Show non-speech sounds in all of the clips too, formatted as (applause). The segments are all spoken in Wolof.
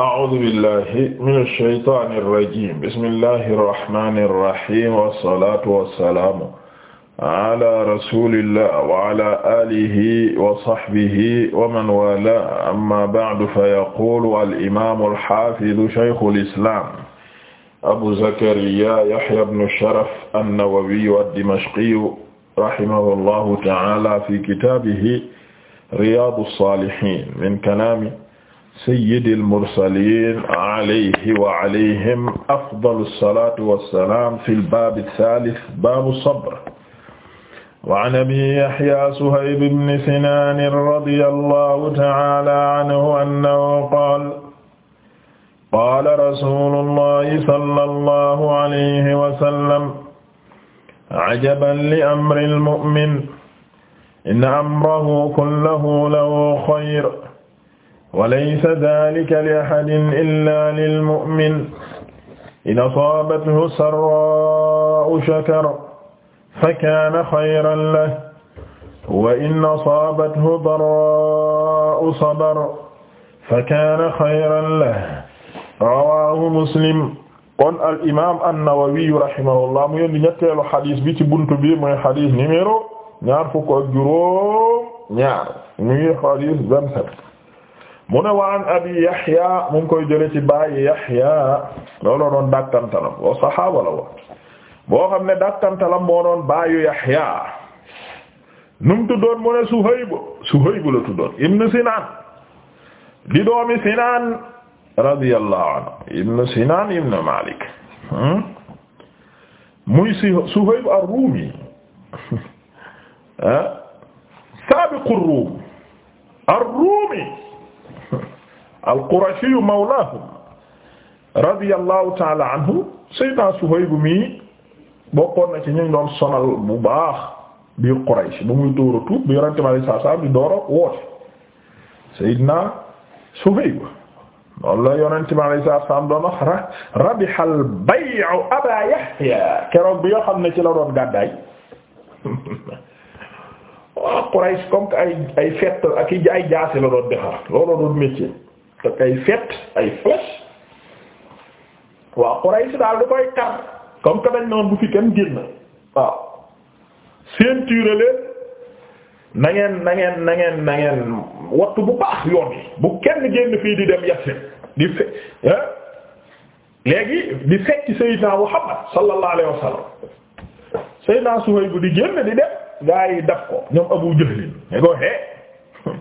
أعوذ بالله من الشيطان الرجيم بسم الله الرحمن الرحيم والصلاة والسلام على رسول الله وعلى آله وصحبه ومن والاه أما بعد فيقول الإمام الحافظ شيخ الإسلام أبو زكريا يحيى بن الشرف النووي الدمشقي رحمه الله تعالى في كتابه رياض الصالحين من كلام sayyidil mursaliin alayhi wa alayhim afdalu salaatu wa salaam fil baabi saalis baabu sabr. wa an abii yahyaa suhayb ibn sinaan radiyallaahu ta'aalaa anhu annahu qaala qaala rasuulullaahi sallallaahu alayhi wa sallam ajaban li amril mu'min inna amrahu kullahu lahu xayr walaysa daalika li ahadin illaa lil mu'min in asaabathu sarraa'u shakara fa kaana xayran lahu wa in asaabathu daraa'u sabara fa kaana xayran lahu rawaahu muslim. kon al imaam an-Nawawi rahimahullah mu yónni ñetteelu xadis bi ci buntu bi mooy xadis numéro ñaar fukk ak juróom ñaar muy xadis vingt-sept mu ne abi yahya mu ngi koy jële ci bàyyi yahya looloo doon la woon boo xam ne dàkkantalam moo doon bàyyu yahya nu mu tuddoon ibn sinaan di doomi sinaan radiyallahu anhu hmm? ruumi (laughs) ah, saabiqu ruumi al-Qurashiyu mawlaahum radiyallahu taala anhu sayyidina Suhayb bu mii bokkoon na ci ñu doon sonal bu baax biir Quraysh bu muy dóora tuub bi Yonent bi sallallahu alayhi wa sallam di door a woote sayyidina Suhayb loolu la Yonent bi sallallahu alayhi wa sallam doon wax rabiha al-bay'u Aba Yahya keroog bi yoo xam ne ci la doon gàddaay (laughs) waaw Quraysh comme que ay ay fett ak i ay jaase la doon defar looloo doon métier te kay fet ay flèche waaw Quraysh daal du koy kar comme que dañ noon bu fi kenn génn waaw ceinture leen na ngeen nangeen ngeen na ngeen na ngeen wattu bu baax yoon yi bu kenn génn fii di dem Yasrib di fe léegi di fekk Seydina Muhammad sallallahu alayhi wasallam Seydina Suhayb di génn di dem gaa yi daf ko ñoom Abu Jahl ne ko hee (laughs)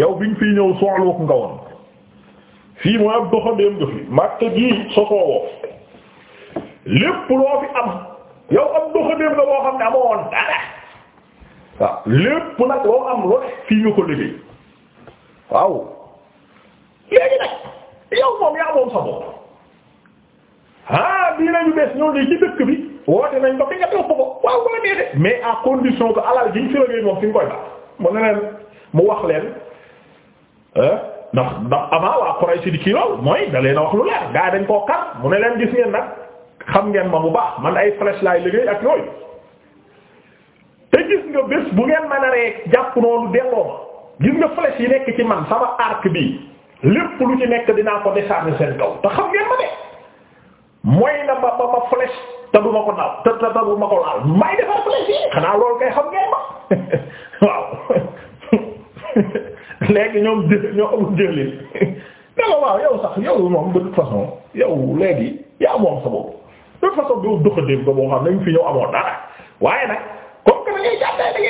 yow biñ fi ñëw soxlu ko nga woon fii mooy ab doxandéem nga fi Makka sosoo woo lépp loo fi am yow ab doxandéem nga boo xam ne amoo woon dara waaw lépp nag loo am lool fii nga ko liggéey waaw léegi nag yow moom yaa moom sa bopp ah bii nañu bees ñëw nii ci dëkk bi woote nañ ko fi nga toog ko waaw boo neexee mais à condition que alal ji ñu fi la moom fi nga koy baax mu ne mu wax leen ah. ndax ndax avant waa Quraysh di kii lool mooy da leen wax lu leer gaa dañ koo kar mu ne leen gis ngeen nag xam ngeen ma bu baax man ay flèche laay liggéey ak yooyu te gis nga bés bu ngeen mën a rek jàpp noonu delloo ma gis nga flèche yi nekk ci man sama arc bi lépp lu ci nekk dinaa ko décharger seen kaw te xam ngeen ma de mooy na ba ba ma flèche te ma ko naaw te te ma ko laal may defar flèche yi xanaa loolu kay xam ngeen ma (laughs) léegi ñoom jë ñoo amul jëlin ne la waaw yow sax yow moom de façon yow léegi yaa moom sa bopp de toute façon yow doxandéem ko boo xam ne ñu fi ñëw amoon dara waaye nag da ngay jàppale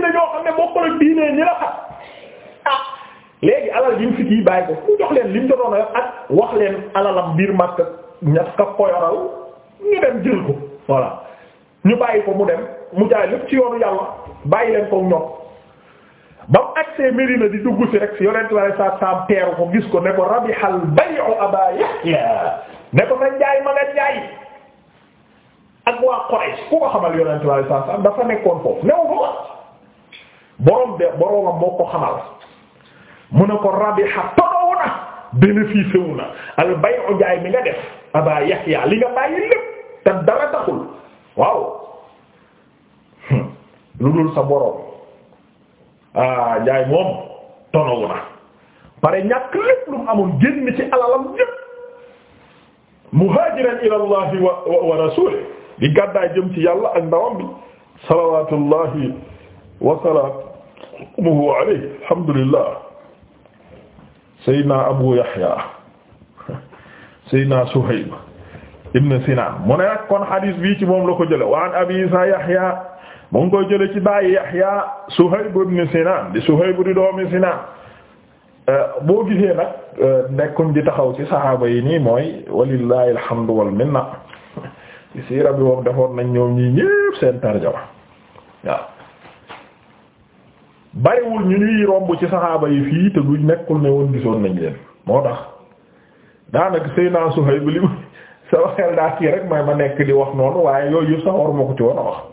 da la xam ah léegi alal bi mu fi kii bàyyi ko ku jox leen lim mu jotoon a ak wax leen alalam biir màkk ñax ka koyoral ñu dem jël ko voilà ñu bàyyi ko mu dem mu jaay lépp ci yoonu yàlla bàyyi leen ko ñoom. ba mu agsee di dugg si rek si yonent bi saa saam teeru ko gis ko ne ko rabihal bay'u Aba Yahya ne ko sa njaay ma nga njaay ku ko xamal yonent bi saa saam dafa nekkoon foofu new ko borom de boromam moo ko xamal mu ne ko rabiha todowu na bénéfice wu na mi nga def Aba Yahya li nga bàyyi dara taxul waaw lu dul sa ah jaay moom tonawu na pare ñàkk lépp lu mu amoon génn ci alalam yépp muhajiran ila allahi wa wa rasulihi di gàddaay jëm ci yàlla ak ndawam bi salawatullahi wa salaamuhu alayhi alhamdulillah sayyidina abu yahya sayyidina suhayb ibn sinan mu ne nag kon hadith bi ci moom la ko jële wa an abi isa yahya mu ngi koy jële ci bàyyi Yahya Suhayb ibn Sinan di Suhayb di doomi Sinan euh, boo gisee nag euh, nekkuñ di taxaw ci saxaaba yi nii mooy walillahi alhamdu wal minna (laughs) ci siira defoon nañ ñoom ñii ñépp seen tarjama bariwul ñu ñuy romb ci saxaaba yi fii te duñ nekkul ne woon gisoon nañ leen moo tax daanaka Seydina Suhayb li (laughs) sa waxeel daa kii rek may ma nekk di wax noonu waaye yooyu yëpp war waruma ko ci woon a wax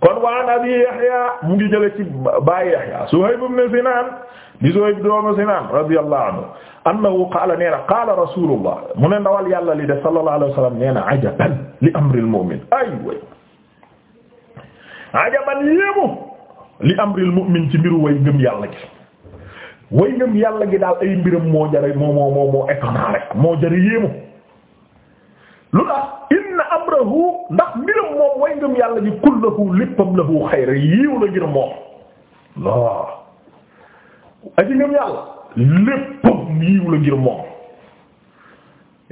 kon waan abi Yahya mu ngi jële ci baay Yahya Suhayb ibn Sinan di Suhayb doomu Sinan radiyallahu anhu annahu qaala nee na qaala rasulullah mu ne ndawal yàlla li de sallallahu alayhi wa sallam nee na ajaban li amril mu'min ay way ajaban yéemu li amril mu'min ci mbiru way ngëm yàlla gi way ngëm yàlla gi daal ay mbiram moo jare moo moo moo moo étonnant rek moo jare yéemu lu tax inna amrahu ndax mbiram way ngëm yàlla ji kullahu léppam lahu xayra la ngir moom waaw aji ngëm yàlla léppam yiiw la ngir moom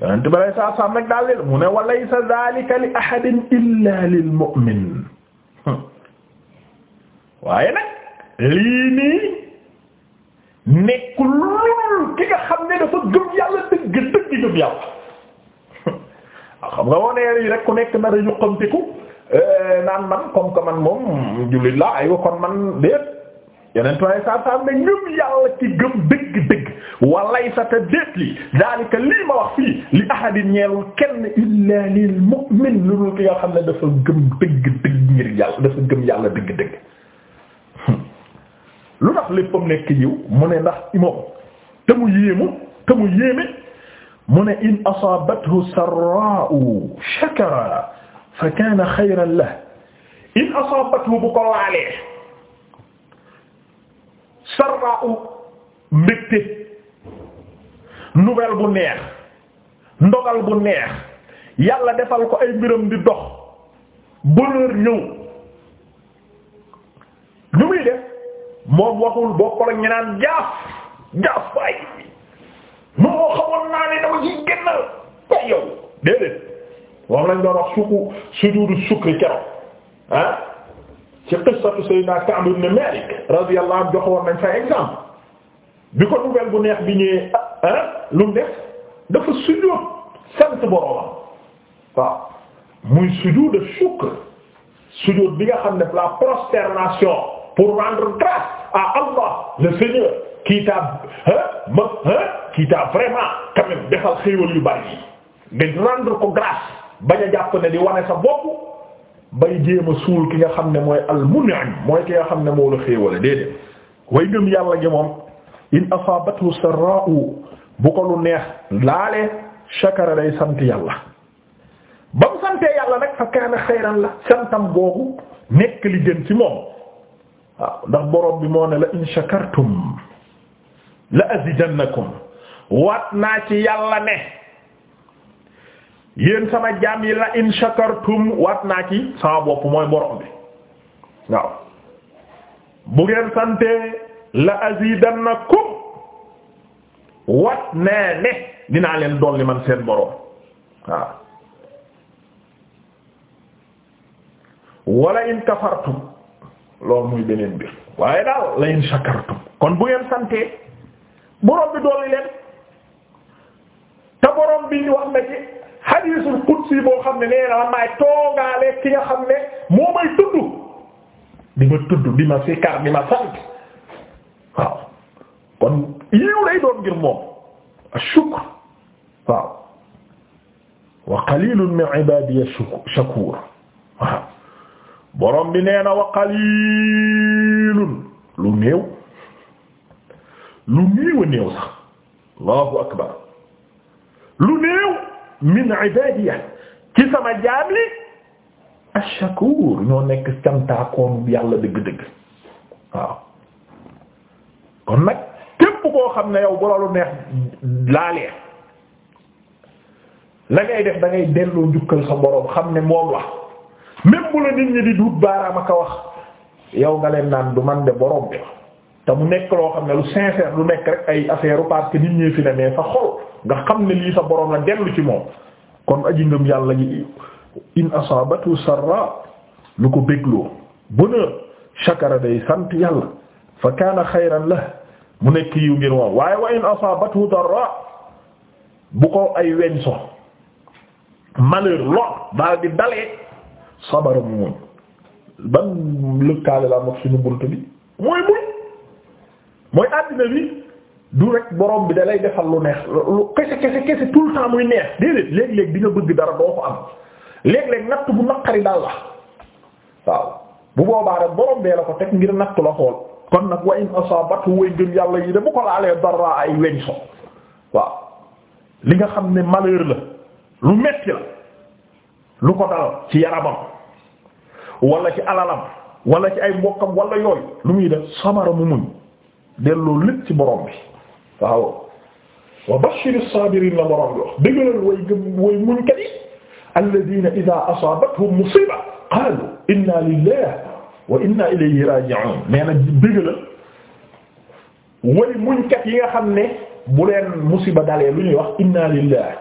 yonent ba lay saa saam nag daal leen mu ne wa laysa dhalika li xam ne dafa gëm yàlla dëgg dëgg gëm yàlla xam nga woneer yi rek ku nekk nar a yuqamtiku eh, naan man comme que man moom jullit la ay kon man déet yeneen tuwaay saa saa ne ngëm yàlla ci gëm dëgg-dëgg walay sa te déet daalika lii ma wax fii li ahadin ñeerul kenn illa lil mu'min lu dul ki nga xam ne dafa gëm dëgg-dëgg ngir yàlla dafa gëm yàlla dëgg-dëgg lu tax léppam nekk yiw mu ne ndax moom te mu yéemu te mu yéeme mu ne in asaabathu sarraa'u shakara fa kaana xayran lahu in asaabathu bu ko laalee sarraa'u mbégte nouvelle bu neex ndogal bu neex yàlla defal ko ay mbiram di dox bonheur ñëw lu muy def moom waxul bokkul ak ñu naan jaaf jaaf waay moo xamoon naa ne dama ci génn tey yow déedéet moom lañ doon wax suku sujudu sukri keroog ah ci qissatu sayyidina Ka'b ibn Malik radiyallahu anhu joxoon nañ fa exemple bi ko nouvelle bu neex bi ñëwee ah lu dafa sujud sant boroomam muy sujud de shukr sujud bi nga xam ne la prosternation pour rendre grâce Allah le Seigneur qui t'a qui t'a vraiment quand même defal xéewal yu bari yi nga ko grâce bañ a jàpp ne di wane sa bopp bay jéem a suul ki nga xam ne mooy al-mun'im mooy ki nga xam ne moo la xéewale déedéet way ngëm yàlla gi moom in asaabatu sarraa'u bu ko lu neex laalee shakara day sant yàlla ba mu santee yàlla nag fa kaana xayran la santam boobu nekk li gën ci moom waaw ndax borom bi la in shakartum la azidannakum wat naa ci yàlla ne yéen sama jaam yi la in shakartum wat naa ci sama bopp mooy borom bi waaw bu sante la azidannakum wat nee ne dinaa leen dolli man seen borom waaw wala in kafartum loolu muy beneen bi waaye daal la in shakartum kon bu sante borom bi dolli leen borom bi wax na ci hadiisul boo xam ne nee na maay toogaale ki nga xam ne moo may tudd di ma tudd di ma ma sant waaw kon yiw lay doon ngir moom ash-shukr waaw wa qalilun borom bi nee na wa a néew akbar lu néew min ibadiya ci sama jaam li ashakuur ñoo nekk cantaakoon yàlla dëgg-dëgg waaw kon nag képp koo xam ne yow bu loolu neex laalee la ngay def da ngay delloo njukkal sa boroom xam ne moom la même bu la nit ñi di duut baaraam ak wax yow nga leen naan du man de boroom bi te mu nekk loo xam ne lu sincère lu nekk rek ay affaire parce que nit ñi fi ne mais fa xol nga xam ne lii sa borom la dellu ci moom kon aji ngëm yàlla ji in asaabatu sarra lu ko bégloo bonheur shakara day sant yàlla fa kaana xayran la mu nekk yiw ngir moom waaye wa in asaabatu darra bu ko ay weñ so malheur lool daal di dalee sabara mu muñ lëkkaale la am suñu bunt bi mooy muñ mooy àddina bi du rek borom bi da lay defal lu neex lu kese kese kese tout le temps muy neex déedéet léeg-léeg di bëgg dara doo ko am léeg-léeg natt bu naqari daal la waaw bu boobaa rek borom bee la ko teg ngir natt la xool kon nag wa in yàlla yi de ko laalee dara ay weñ so waaw li nga xam ne malheur la lu metti la lu ko dal ci yaramam wala ci alalam wala ci ay mbokkam walla yooyu lu muy def samara mu muñ delloo lépp ci borom bi waaw wa bashir as-sabirin la borom bi wax dëggalal way gëm way muñkat yi alladina ida asaabathum musiba qaalu inna lillahi wa inna ilayhi raji'un nee na dëggalal way muñkat yi nga xam ne bu leen musiba dalee lu ñuy wax inna lillahi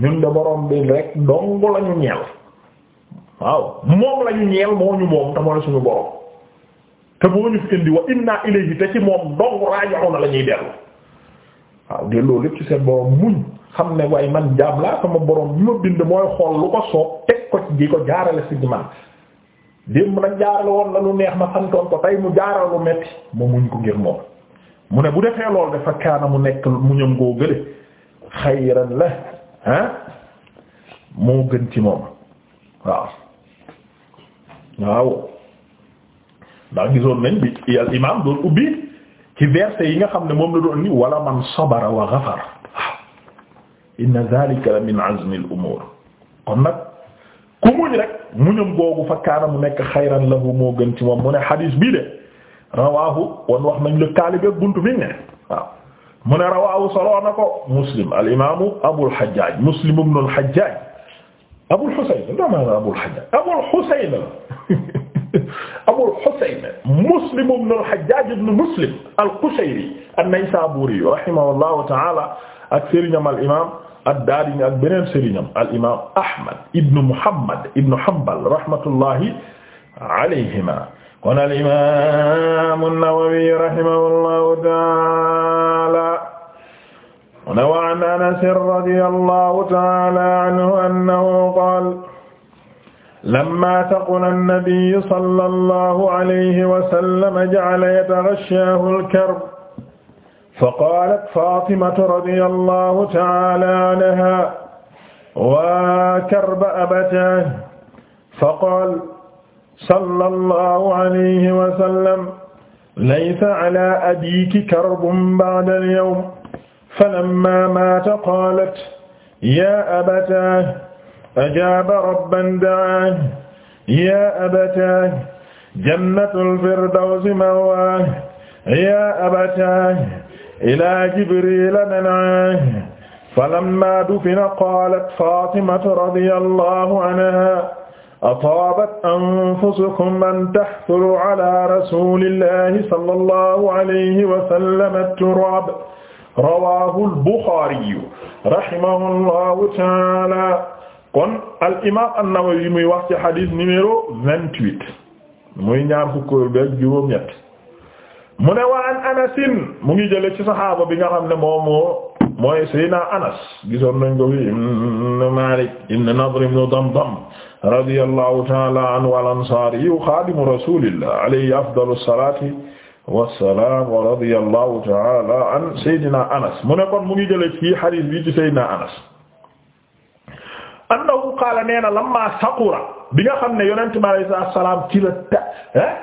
ñun de borom bi rek dong lañu ñeel waaw moom lañu ñeel moo ñu moom te mooy suñu borom te moo ñu fi indi wa inna ilayhi te ci moom dong raaji'uuna la ñuy dellu waaw delloo lépp ci seen borom muñ xam ne waaye man jaam laa sama borom bi ma bind mooy xool lu ko soob teg ko ci ji ko jaarale si man démb nag jaarale woon la neex ma santoon ko tey mu jaaral lu metti mu muñ ko ngir moom mu ne bu defee lool dafa kaana mu nekk muñam ngoo gële xayran la ah moo gën ci moom waaw waaw ndax gisoon nañ bi al imaam doon ubbi ci verset yi nga xam ne moom la doon ni wala man sabara wa ghafar inna dhalika la min azmi al umur kon nag ku muñ rek googu fa kaana mu nekk xayran lahu moo gën ci moom mu bii de wan wax nañ le taalibe buntu bi ne waaw ko muslim al imaamu abul hajjaaj muslim ibn al hajjaaj abul husayn abul husayn abul husayn muslim ibn al-Hajjaj ibn muslim al-Qushayri an-Naysaburi rahimahullahu ta'ala ak sëriñam al imam ad-Darimi ak beneen sëriñam al imam Ahmad ibn Muhammad ibn Hanbal rahmatullahi alayhima kon al imam an-Nawawi rahimahullahu ta'ala wa an Anas radiyallahu ta'ala anhu annahu qala lamma saqula annabiyu sallallahu alayhi wa sallam ja'ala yataghashshaahu al-karb faqaalat Faatimatu radiyallahu ta'aalaa anhaa wa karba abataahu faqaala sallallahu alayhi wa sallam laysa alaa abiiki karbun ba'da al-yawm falammaa maata qaalat yaa abataahu ajaaba rabban da'aahu yaa abataahu jannatul firdawsi ma'waahu yaa abataahu ilaa jibriila nan'aahu falammaa dufina qaalat faatimatu radiyallaahu anhaa ataabat anfusukum an tahfuru alaa rasuulillaahi sallallaahu alayhi wa sallam at-turaab rawaahul buxaari rahimahullaahu ta'aalaa kon al imaam an-Nawawi muy wax ci xadiis numéro vingt-huit muy ñaar fukk beeg juróom-ñett mu ne waa an anasin mu ngi jële ci saxaaba bi nga xam ne moom moo mooy Seydina Anas gisoon nañ ko fi ibn Malik ibn Nadr ibn Damdam radiyallahu ta'ala anhu al-Ansari xaadimu rasulillah alayhi afdalu salaati wassalaam wa radiyallahu ta'ala an Seydina Anas mu ne kon mu ngi jële ci xadiis bi ci Seydina Anas annahu qaala nee na lamma saqura bi nga xam ne yonent bi alayhi salaatu salaam ci la ta ah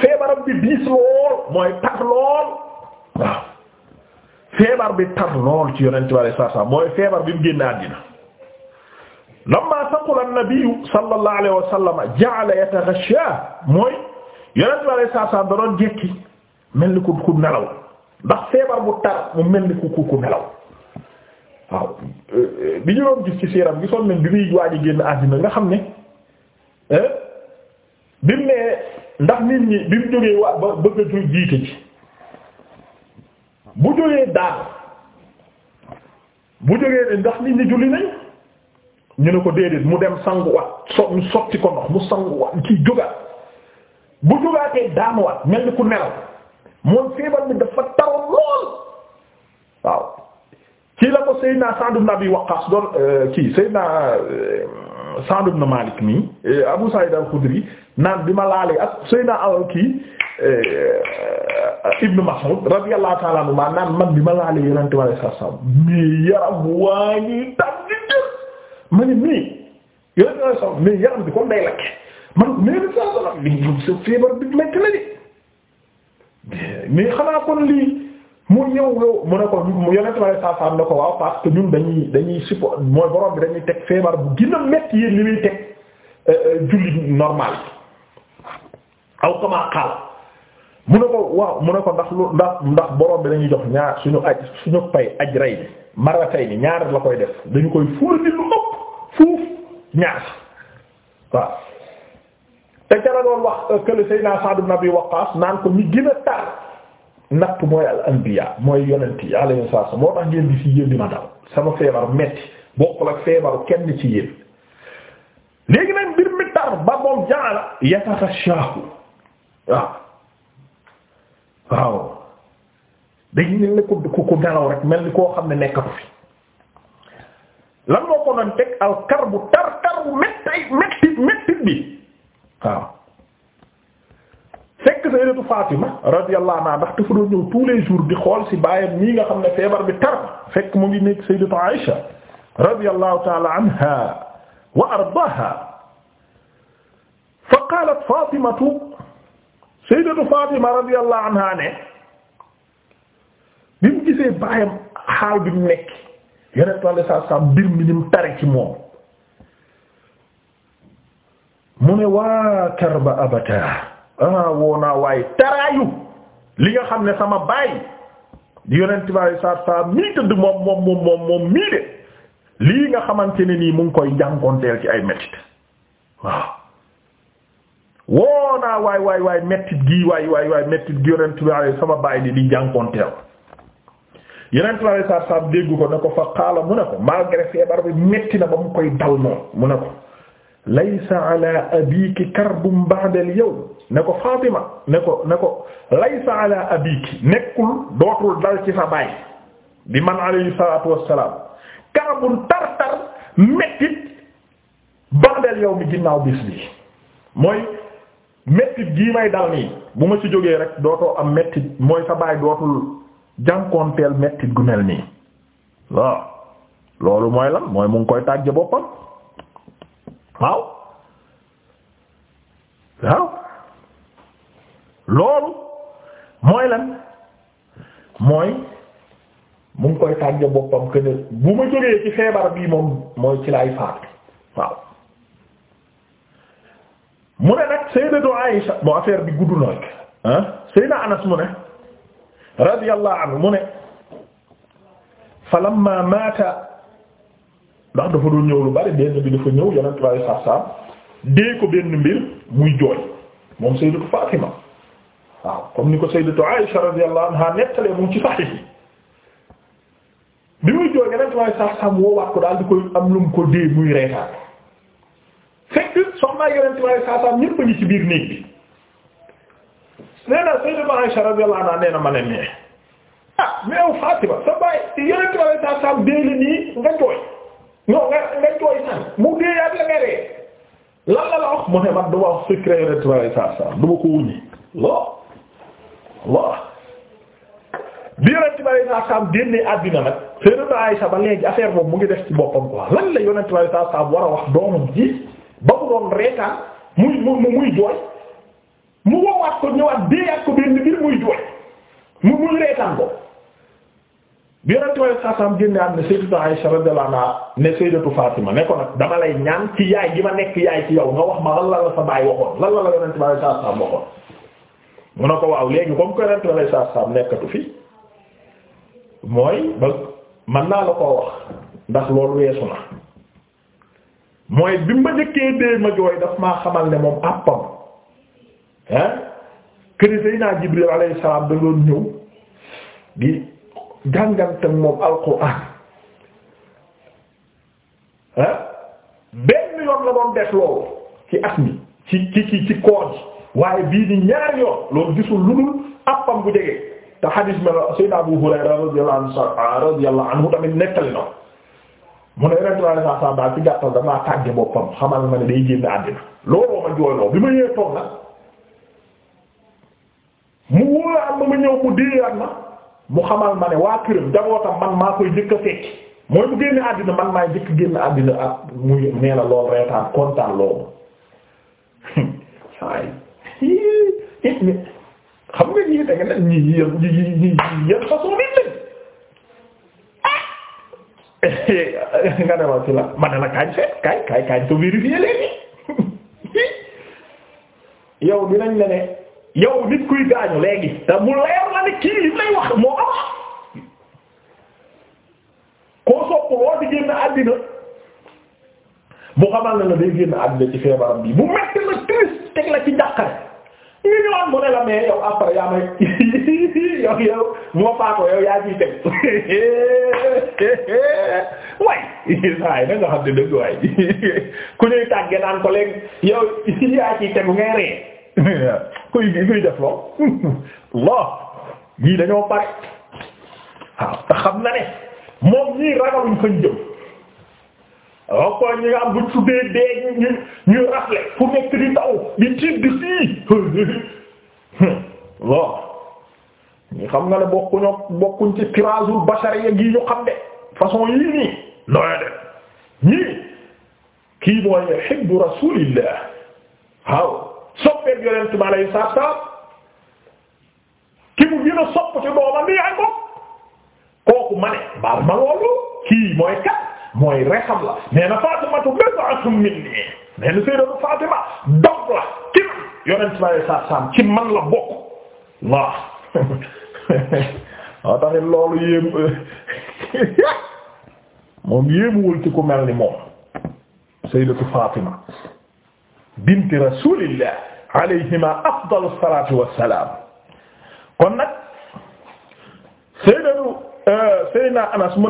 feebaram bi diis lool mooy tar lool waaw feebar bi tar lool ci yonent bi alayhi salaatu salaam mooy feebar bi mu génn àddina lamma saqula an-nabiyyu sallallahu alayhi wa sallam ja'ala yataghashsha mooy yonent bi alayhi salaatu salaam da doon jekki mel ni ku ku nelaw ndax feebar bu tar mu mel ni ku ku ku nelaw. waaw euh, bi ñu doon gis ci siiram gisoon nañ bi muy waaj a génn àddina nga xam ni bi mu nee ndax nit ñi bi mu jógee waa ba bëgg a jiite ji bu jógee daal bu jógee ndax nit ñi ko déedéet mu dem sanguwaat so mu ko ndox mu sanguwaat jógaat bu jógaatee daanuwaat mel ni ku nelaw moom feebar bi dafa taroon lool waaw ci la ko Seydina Sa'd Abi Waqqas doon euh, kii Seydina euh, Sa'd ibn Malik euh, Abu Sa'id al-Khudri naan bi ma laalee ak Seydina al kii Ibn Mas'ud radiyallahu ta'ala naan man bi ma laalee yonente bi alayhi salaam yaram waa ngi ni mii yonente bi yaram bi comme day lakk man mais bi saa salaam bi sa feebar bi métti na di mais xanaa kon lii mu ñëw yow mu ne ko yonent ma ne saasaam ne ko waaw parce que ñun dañuy dañuy support mooy borom bi dañuy teg feebar bu gën a metti yéen li muy teg euh, euh, jullit normal aw kama mu ne ko waaw mu ne ko ndax lu ndax ndax borom bi dañuy jox ñaar suñu aj suñu pay aj rey bi mara tey bi ñaar la koy def dañu koy fuur ni lu ëpp fuuf ñaar waaw te ca la doon wax euh, kële Seydina Sa'd ibn Abi naan ko mi gën a natt mooy al anbiya mooy yonent yi alayhi salaam moo tax ngeen ci yéen di ma dal sama feebar metti bokkul ak feebaru kenn ci yéen léegi nag mbir mi tar ba moom jaala yatarashaahu waaw waaw dañu ne ne ku ku nelaw rek mel ni koo xam ne nekkatu fi lan moo ko doon teg al kar bu tar tar metti metti metti bi waaw fekk sayyidatu Fatima radiyallahu anha ndax dafa doon ñëw tous les jours di xool ci baayam nii nga xam ne feebar bi tar fekk mu ngi nekk sayyidatu Aïsha radiyallahu ta'ala anha wa ardaaha fa qaalat Fatimatu sayyidatu Fatima radiyallahu anha ne bi mu gisee baayam xaal bi mu nekk yeneen tool yi sax sax mbir mi ni mu tare ci moom mu ne waa karba abata ah woo waaye taraayu li nga xam ne sama baay di yonent baay saar saar mii tëdd moom moom moom mii de lii nga xamante ni nii mu ngi koy jànkonteel ci ay mettit waaw woo naa waay waay waay mettit gi waay waay mettit gi yonent baay sama baay di di jànkonteel yonent baay dégg ko ne ko fa xaala mu ne ko malgré feebar bi metti na ba mu koy dal moom mu ne ko laysa ala abiki karbun ba'da al yawm ne ko Fatima ne ko ne ko laysa ala abiki nekkul dootul dal ci sa baay di man alayhi salaatu wassalaam karabun tar-tar mettit bandel yow mi ginnaaw bis bi mooy mettit gii may dal nii bu ma ci jógee rek dootoo am mettit mooy sa baay dootul jànkoonteel mettit gu mel nii waaw loolu mooy la mooy mu koy tàgge boppam waaw waaw loolu mooy lan mooy mu koy tàgge boppam que bu ma jógee ci feebar bii moom mooy ci laay faat waaw mu ne nag sayyidatu Aisha moo affaire bi gudd na ah sayyidina Anas mu ne radiyallahu anhu mu ne falamma maata ndax dafa doon ñëw lu bari benn bi dafa ñëw yonent bi sallallahu alayhi dee ko benn mbir muy jooy moom sayyidatu Fatima waaw comme ni ko sayyidatu Aisha radiyallahu mu ci sahih bi muy jooy yeneen waaye sax saam woowaat ko daal di koy am lu mu ko dee muy reetaan fekk soxnaa yeneen waaye sax saam ñépp a ngi ci biir néeg bi nee na sayyidatu Aisha radiyallahu anha nee na ma ne nee ah mais Fatima sa bàyyi yeneen waaye sax saam nii nga jooy non nga nga jooy mu dee yaa nga ree lan la la mu ne man duma wax secret yeneen waaye sax saam duma ko wuññi loo. waaw bi yonent bi alayhi génnee àddina nag Sayyidatu Aisha ba léegi affaire boobu mu ngi def ci boppam quoi lan la yonent bi alayhi salaam war a wax doomam ji ba mu doon reetaan muy muy muy jooy mu woowaat ko ñëwaat déeyaat ma nekk ci yow wax ma la la sa baay waxoon lan la mu ne ko waaw léegi comme que ren lay saa saam nekkatu fi mooy ba man naa la ko wax ndax loolu weesu na mooy bi ma njëkkee dee ma jooy daf maa xamal ne moom àppam ah këri Seydina Jibril alayhi salaam da doon ñëw di jàngante moom alxuraan ah benn yoon la doon def loolu ci at mi ci ci ci ci koor waaye bii di ñaar yoon loolu gisul lu dul appam bu jege te hadis ma sayyid Abu Hurayra radiyallahu anhu ah, tamit nettali na mu ne Yonent bi sallallahu alayhi wa sallam daal ci gàttal damaa tàgge boppam xamal ma ne day génn àddina looloo ma jooyloo bi ma yee toog mu wóor am ma ma ñëw mu déeyaat ma mu xamal ma ne waa këram jabootam man maa koy jëkk a fekki mooy mu génn àddina man maay jëkk génn àddina ak muy nee lool reetaan kontaan loolu (laughs) xam nga ñii da nga naan ñii yéen ñii ñii yéen façon nit ah! lañ (laughs) nga ne ma la ma ne la kañ seet kañ kañ kañ te vérifier leen ni (laughs) yow dinañ la ne yow nit kuy gaañu léegi te mu leer la ne kii li lay wax moo am koo sopp loo di génn àddina bu xamal ne la day génn àddina ci feebaram bi bu metti la triste teg la ci li ñu naan mu ne la yow (laughs) yow yow moo faatoo yow yaa ciy teg way (laughs) waaye nga xam ne (laughs) ku ñuy tàgge naan ko léegi yow yaa ciy tegu ngay ree kuy kuy def loo loo ñii dañoo pare waaw te xam na ne moom ñii ragaluñ fañ jëm waaw kon ñi nga am bu ñu tuddee dee ñu ñu ñu rafle fu nekk di tiit di sii (laughs) bon ñu xam nga ne bokkuñoo bokkuñ ci tiraasul bashariya gi ñu xam de façon yii nii nooy de ñii kii mooy hibbu rasulillah waaw soppeek yonent bi alayhi salaam ki mu gën a sopp ci booba nii ay bopp kooku ma ne baal ma loolu kii mooy rexam la nee na Fatimatu bid'atun minni nee na Sayyidatu Fatima dog yonent bi saam ci man la bokk waaw waaw (laughs) taxit loolu yéem (laughs) moom yéemuwul ci ku mel ni moom Sayyidatu Fatima bint Rasulillah alayhima afdalu salaatu wassalaam kon nag Sayyidatu euh, Sayyidina Anas mu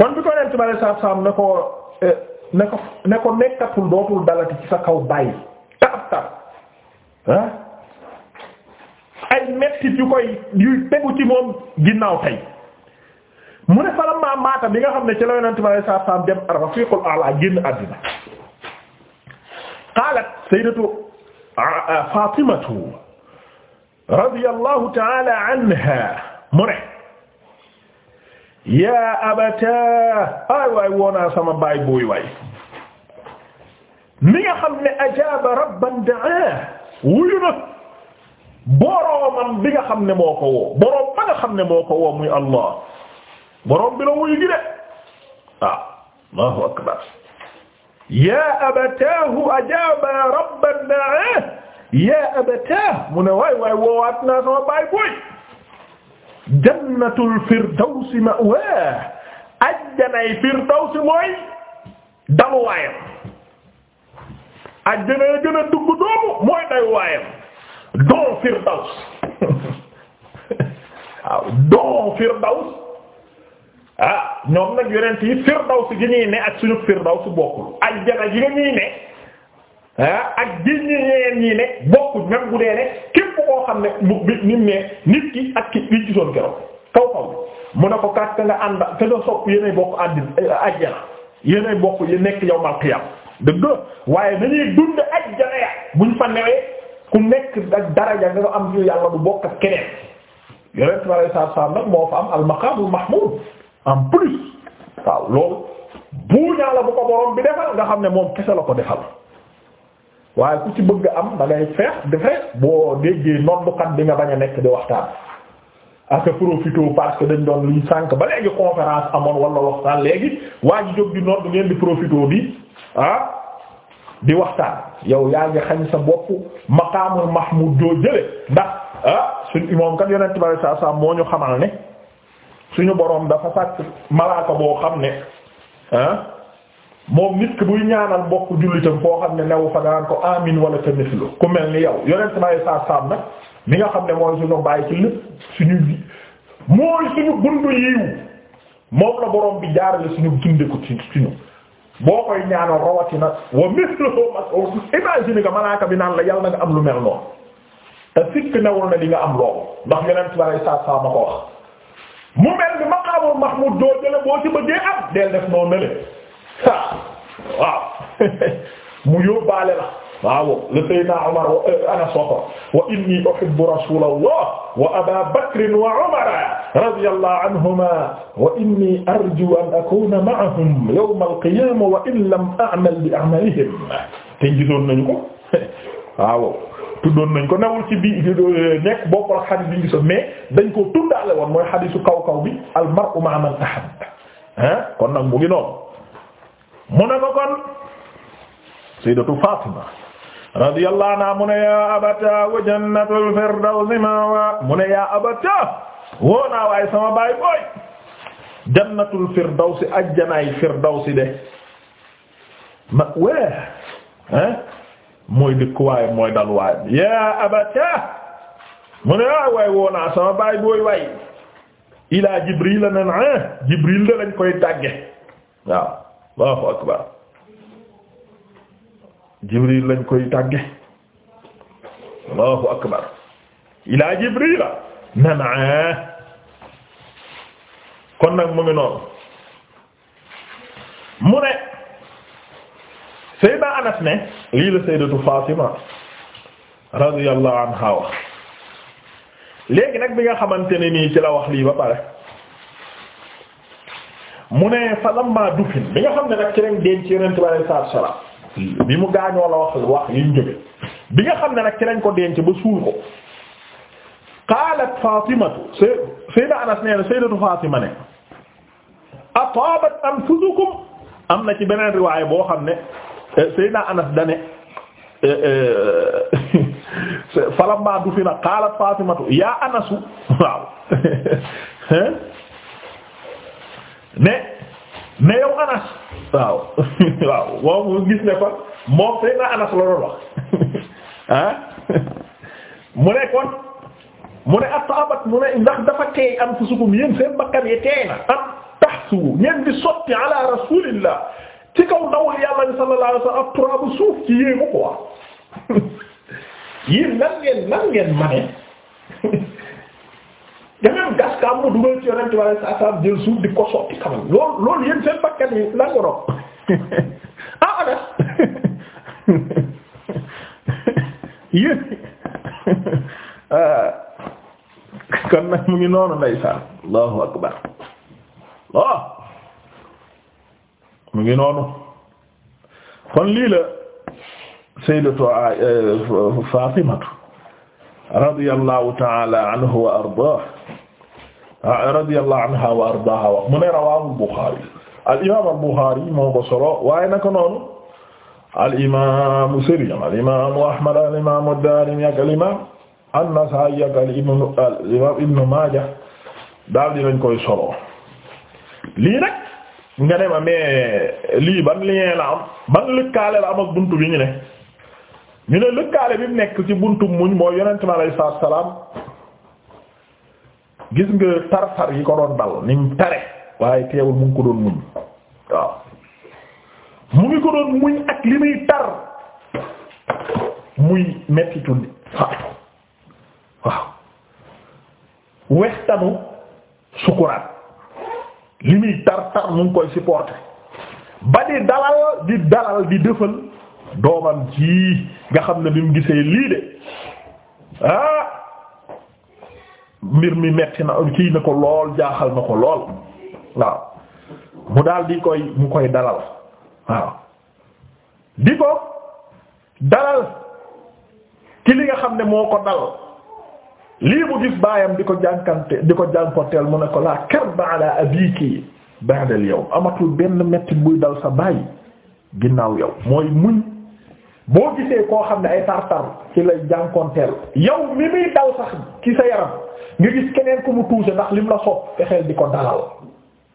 kon bi ko nent bi alei saatu eh, dootul dalati ci sa kaw bàyyi tab tab ah ay mettit yu koy yuy tegu ci moom ginnaaw tey mu ne fala ma maata bi nga xam ne ci la yonent bi alei saatu salaam dem rafiqul ala génn àddina qaalat sayyidatu Fatimatu radiyallahu ta'ala anha mu ne yaa abataa ay waay woonaa sama baay buuy waay mi nga xam ne ajaaba rabban daa wuyu na boroomam bi nga xam ne moo ko woo boroom ba nga xam ne moo ko woo muy allah boroom bi la wuyu gi de ah allahu akbar yaa abataahu ajaaba rabban daa yaa abataahu mu ne waay waay woowaat naa sama baay buuy jannatul firdawsi ma'waa ajjanay firdawsi mooy daluwaayam ajjana ya gën a dugg doomu mooy dayuwaayam don firdaws (laughs) waaw don firdaws ah ñoom nag yonent firdaws gi ñuy ne ak suñu firdaws bokkul ajjana gi nga ñuy ne ah ak gi bokkul même bu dee xam ne mu bi ne nit ki ak ki liñ gisoon keroog kaw kaw mu ne ko kat nga ànd te nga sopp yeneen bokk àddin ajjana eh, yeneen bokk yi nekk yow mal xiyam dëgg waaye nañuy dund ajjana ya buñ fa newee ku nekk ak daraja nga am ci yàlla bu bokk ak keneen yeneen sallallahu alayhi wasallam nag moo fa am al-maqamul mahmud en plus waaw loolu buuñaa la bu ko borom bi defal nga xam ne moom kese la ko defal waaye ku ci bëgg am da ngay feex di feex boo déggee noddukat bi nga bañ a nekk di waxtaan ak profité parce que dañ doon liy sànk ba léegi conférence amoon wala waxtaan léegi waa ji jóg di noddu ngeen di profito bi ah di waxtaan yow yaa ngi xañ sa bopp maqaamul mahmud doo jële ndax ah suñ moom kat yonent bi sallallahu alayhi moo ñu xamal ne suñu boroom dafa sàkk malaaka boo xam ne ah moom nit ki buy ñaanal bokk jullitam foo xam ne newu fa daan ko amin wala ca mislu ku mel ni yow yonent ma ay saab saab nag mi nga xam ne mooy suñu bàyyi ci lépp suñu mooy suñu buntu yiw moom la borom bi jaarale suñu gindeeku ci suñu boo koy ñaanal rawatina wa misluhu mas'ul imagine nga malaaka bi naan la yàlla na nga am lu mel noonu te sikk newul na li am loolu ndax yonent ma saab saab ma ko wax mu mel ni maqaamul mahmud doo jële boo ci bëggee am def noonu waaw (laughs) mu yóbbaale la waaw le Seydina Omar Anas waxoon wa inni uhibbu rasulallah wa Aba Bakr wa Umar radiyallahu anhuma wa inni arju an akuna ma'ahum yawm al-qiyamah wa in lam a'mal bi a'malihim te gisoon nañu ko (laughs) waaw tuddoon nañ ko nawul ci bi nekk bokkul xadis bi ñu gisoon mais dañ ko tuddaale woon mooy xadisu kaw kaw bi al-mar'u ma'a man ahabba kon nag mu ngi noonu mu ne kon sayyidatu Fatima radiyallahu anha mu ne yaa abata wa jannatul firdawsi mawa mu ne yaa abata woo naa waaye de ma wee hein mooy dëkk waaye mooy dal waaye yaa abata mu yaa ah waay woo naa sama baay booy waay ilaa jibril nan ah jibril de lañ koy tàgge waaw Allahu akbar Jibril lañ koy tàgge Allahu akbar ilaa Jibril nanaa ah. kon nag mu mu ne Sayyida Anas ne lii la Sayyidatu Fatima radiyallahu anha wax léegi nag bi nga xamante ne nii ci la wax lii ba pare mu ne fa lamma dufin bi nga xam ne nag ci lañ denc yonent bi alayhi salaatu wa bi mu gaañoo la wax wax yi ñu bi nga xam ne nag ci lañ ko denc ba suul ko qaalat Faatimatu Sayyida Anas nee na Sayyidatu Faatima ne ataabat anfusukum am na ci beneen riwaay boo xam ne eh, Sayyida Anas dane eh, eh, (laughs) fa lamma dufina qaalat Faatimatu yaa Anasu (laughs) waaw (laughs) mais mais yow Anas waaw (laughs) waaw moom gis ne kon moom sëy na Anas la doon (laughs) ah? (laughs) mu ne kon mu ne ataabat mu ne ndax dafa teey am fu sukum seen bakkan yi teey na am tax sugu sotti ala rasulillah ci kaw ndawul ya ni sallallahu alayhi wasallam turabu suuf ci yéemu quoi yéen nan ngeen nan ngeen mane dangeen gas ka am mu dugal ci yonent wala sa saam jël di ko sotti xamal loolu loolu yéen seen bakkan yi (laughs) ah, (laughs) (laughs) ah. nag mu ngi noonu ndeysaan allahu akbar waaw oh. mu ngi noonu kon lii la sayyidatu eh, Fatimatu radiyallahu ta'ala anhu wa ardaahu radiyallahu anha wa ardaaha wa mu ne rawaahu al-Bukhari al imaam al-Bukhari moo ko solo waaye naka noonu al imaamu Sirjam al imaamu Ahmad al imaamu ad-Daarimi ak al imaam an-Nasaa'i ak al imaam Ibn Maaja daal dinañ koy solo lii nag nga ne ma mais lii ban lien la am ban lëkkaale la am ak buntu bi ñu ne. ñu ne lëkkaale bi mu nekk ci buntu muñ moo yonent mi alayhi salaatu salaam gis nga tartar yi ko doon dal ni tare waaye teewul mu ngi ko doon muñ waaw mu ngi ko doon muñ ak li muy tar muy mettitu ni waaw wextanu sukuraat li muy tar tar mu ngi koy supporter ba di dalal di dalal di dëfal doomam jii nga xam ne bi mu gisee lii de ah, mbir mi metti na kii na ko lool jaaxal na ko lool waaw mu dal di koy mu koy dalal waaw di ko dalal ci li nga xam ne moo ko dal lii mu gis baayam di ko jànkante di ko jànkonteel mu ne ko laa karba ala abiki ba'da al yawm amatul benn metti buy dal sa baay ginnaaw yow mooy muñ boo gisee koo xam ne ay tartar ci lay jànkonteel yow mi muy daw sax ci sa yaram nga gis keneen ku mu tuuse ndax lim la sopp fexeel di ko dalal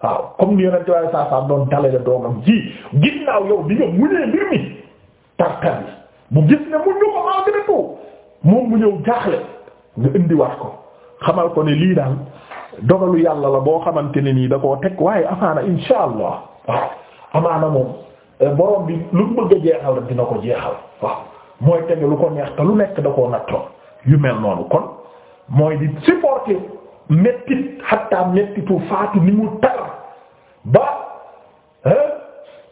waaw comme ni yonent waaye saa saa doon dalale doomam ji ginnaaw yow di nga muñee mbir mi ne mu moom mu ñëw jaaxle nga indiwaat ko xamal ko ne lii daal dogalu yàlla la boo xamante ne nii da koo teg waaye amaana insha allah waaw amaana moom Euh, borom bi lu mu bëgg jeexal dina ko jeexal waaw mooy teg lu ko neex lu nekk da koo nattoo yu mel noonu kon mooy di supporter mettit xatta mettitu faatu ni mu tar ba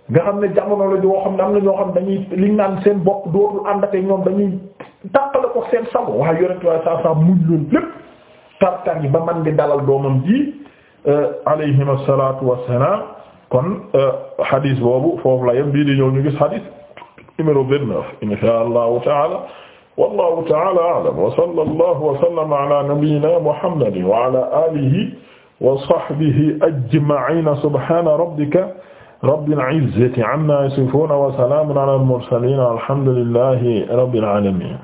nga xam ne jamono la joo xam ne am na ñoo xam dañuy liñ naan seen bopp dootul àndate ñoom dañuy tàqale ko seen sago waaye yonent waaye saa saa muñ loolu lépp tar tar yi ba man di dalal doomam ji euh, alayhim assalaatu wassalaam kon hadith euh, boobu foofu la yem bii di ñëw ñu gis hadith numéro 29 insha allahu taala wallahu taala a'lam wa sallallahu wa sallama ala nabiyyina muhammadin wa ala alihi wa sahbihi ajma'in subhana rabbika rabbil izzati amma yasifun wa salamun ala al mursalin alhamdulillahi rabbil alamin